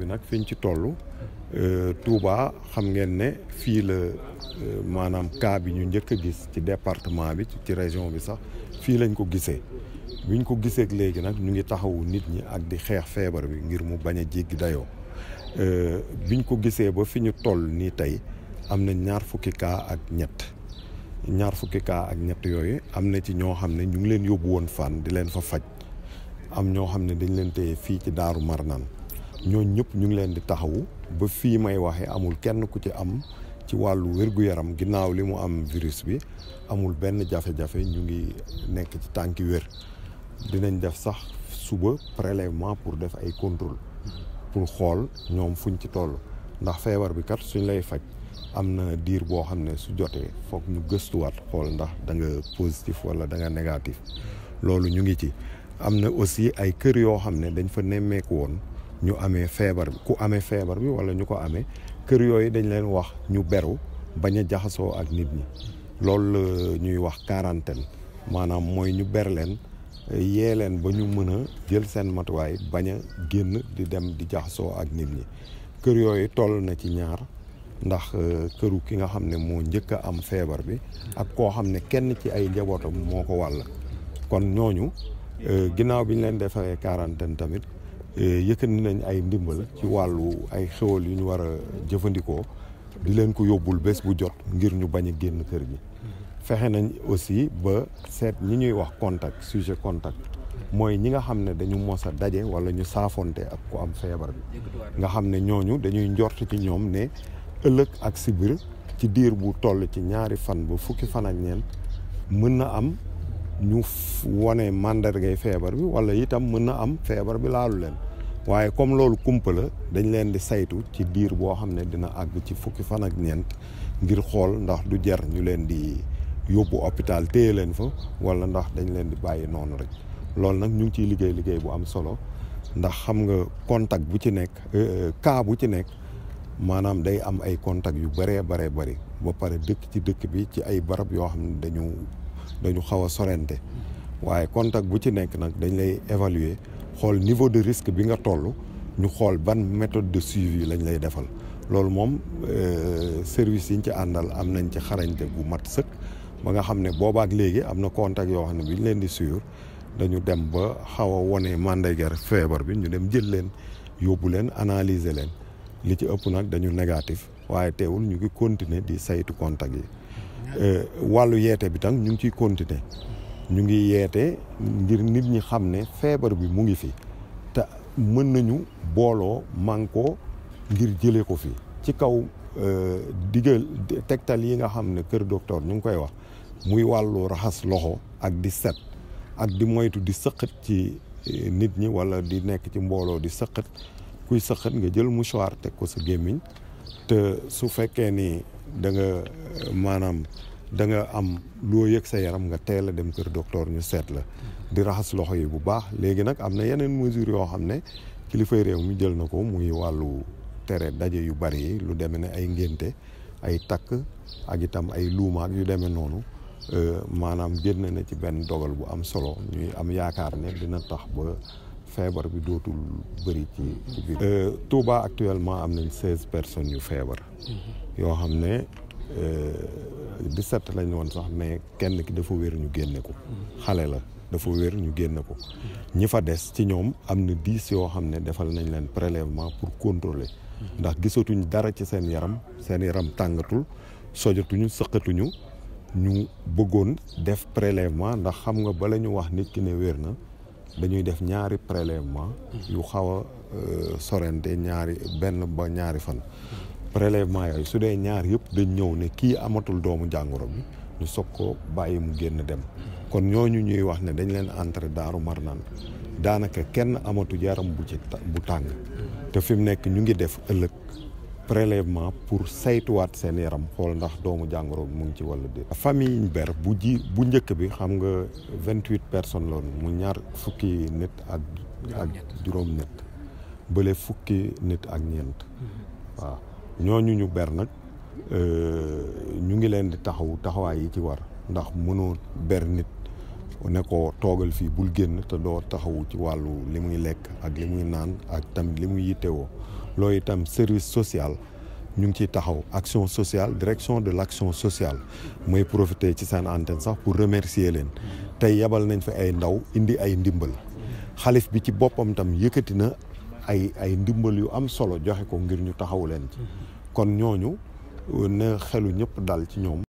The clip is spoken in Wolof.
bi nag fiñ ci toll euh, Touba xam ngeen ne fii la euh, maanaam kaa bi ñu njëkk a gis ci departement bi ci région bi sax fii lañ ko gisee buñ ko gisee léegi nag ñu ngi taxawu nit ñi ak di xeex feebar bi ngir mu bañ a jéggi dayoo euh, biñ ko gisee ba fi ñu toll nii tey am na ñaar fukki kaa ak ñett ñaar fukki kaa ak ñett yooyu am na ci ñoo xam ne ñu ngi leen yóbbu woon fan di leen fa faj am ñoo xam ne dañ leen téye fii ci Daaru marnan ñooñ ñëpp ñu ngi leen di taxawu ba fii may waxee amul kenn ku ci am ci wàllu wér yaram ginnaaw li mu am virus bi amul benn jafe-jafe ñu ngi nekk ci tànki wér dinañ def sax suba prélèvement pour def ay contrôle pour xool ñoom fuñ ci toll ndax feebar bi kat suñ lay faj am na diir boo xam ne su jotee foog ñu gëstuwaat xool ndax da nga positif wala da nga négatif loolu ñu ngi ci am na aussi ay kër yoo xam ne dañ fa nemmeeku woon ñu amee feebar bi ku amee feebar bi wala ñu ko amee kër yooyu dañ leen wax ñu beru bañ a jaxasoo ak nit ñi loolu ñuy wax quarantaine maanaam mooy ñu ber leen yee leen ba ñu mën a jël seen matuwaay bañ a génn di dem di jaxasoo ak nit ñi kër yooyu toll na ci ñaar ndax euh, këru ki nga xam ne moo njëkk a am feebar bi ak koo xam ne kenn ci ay njabootam moo ko wàll kon ñooñu euh, ginnaaw bi ñu leen defee quarantaine tamit Eh, yëkkati nañ ay ndimbal ci wàllu ay xéwal yu ñu war a jëfandikoo di leen ko yóbbul bés bu jot ngir ñu bañ a génn kër gi fexe nañ aussi ba seet ñi ñuy wax contact sujet contact mooy ñi nga xam ne dañu mos a daje wala ñu saafonte ak ko am feebar bi nga xam ne ñooñu dañuy njort ci ñoom ne ëllëg ak si ci diir bu toll ci ñaari fan ba fukki fan ak ñeent mën na am ñu wane màndargay feebar bi wala itam mën na am feebar bi laalu leen waaye comme loolu kumpa la dañ leen di saytu ci diir boo xam ne dina àgg ci fukki fan ak ñeent ngir xool ndax du jar ñu leen di yóbbu hôpital téye leen fa wala ndax dañ leen di bàyyi noonu rek loolu nag ñu ngi ciy liggéey liggéey bu am solo ndax xam nga contact bu ci nekk kaa euh, euh, bu ci nekk maanaam day am ay contact yu bëree baree bari ba pare dëkk ci dëkk bi ci ay barab yoo xam ne dañu dañu xaw a sorente waaye contact bu ci nekk nag dañ lay évaluer xool niveau de risque bi nga toll ñu xool ban méthode de suivi lañ lay defal loolu moom euh, service yi ñu ci àndal am nañ ci xarañte bu mat sëkk ba nga xam ne boobaak léegi am na contact yoo xam ne bi ñu leen di suivre dañu dem ba xaw a wone mandeger feebar bi ñu dem jël leen yóbbu leen analyser leen li ci ëpp nag dañu négatif waaye teewul ñu ngi continuer di saytu contact yi euh, wàllu yeete bi tam ñu ngi ciy continuer ñu ngi yeete ngir nit ñi xam ne feebar bi mu ngi fi te mën nañu booloo mànkoo ngir jëlee ko fi ci kaw euh, digal tegtal yi nga xam ne kër docteur ñu ngi koy wax muy wàllu raxas loxo ak di set ak di moytu di sëqat ci euh, nit ñi wala di nekk ci mbooloo di sëqat kuy sëqat nga jël mouchoir teg ko sa gémmiñ te su fekkee ni danga euh, maanaam da nga am loo yëg sa yaram nga teel a dem kër docteur ñu seet la di raxas loxo yi bu baax léegi nag am na yeneen mesures yoo xam ne kilifay réew mi jël na ko muy wàllu tere daje yu bari yi lu demee ne ay ngénte ay takk ak itam ay luumaak yu demee noonu euh, maanaam génn na ci benn dogal bu am solo ñuy am yaakaar ne dina tax ba feebar bi dootul bëri ci biir euh, Touba actuellement am nañ seize personnes yu feebar mm-hmm. yoo xam ne 17 euh, lañ woon sax mais kenn ki dafa wér ñu génne ko xale la dafa wér ñu génne ko ñi fa des ci ñoom am na 10 yoo xam ne defal nañ leen prélèvement pour contrôler ndax gisatuñ dara ci seen yaram seen yaram tàngatul sojatuñu sëqatuñu ñu bëggoon def prélèvement ndax xam nga bala ñu wax nit ki ne wér na dañuy def ñaari prélèvement yu xaw a euh, sorente ñaari benn ba ñaari fan prélèvement yooyu su dee ñaar yëpp dañ ñëw ne kii amatul doomu jàngoro bi ñu soog ko bàyyi mu génn dem kon ñooñu ñuy wax ne dañ leen entré daaru marnaan daanaka kenn amatu yaram bu ci bu tàng te fi mu nekk ñu ngi def ëllëg prélèvement pour saytuwaat seen yaram xool ndax doomu jàngoro bi mu ngi ci walla déet famille yiñ ber bu ji bu njëkk bi xam nga vingt-huit personnes loon mu ñaar fukki nit ak ak juróom ñett bële fukki nit ak ñeent waaw ñooñu ñu ber nag euh, ñu ngi leen di taxaw taxawaay yi ci war ndax mënoo ber nit ne ko toogal fii bul génn te doo taxawu ci wàllu li muy lekk ak li muy naan ak tamit li muy yittewoo loo itam service social ñu ngi ciy taxaw action sociale direction de laction sociale mooy profiter ci seen anten sax pour remercier leen tey yebal nañ fi ay ndaw indi ay ndimbal xalif bi ci boppam tam yëkkati na ay ay ndimbal yu am solo joxe ko ngir ñu taxawu leen ci mm-hmm. kon ñooñu na xelu ñëpp dal ci ñoom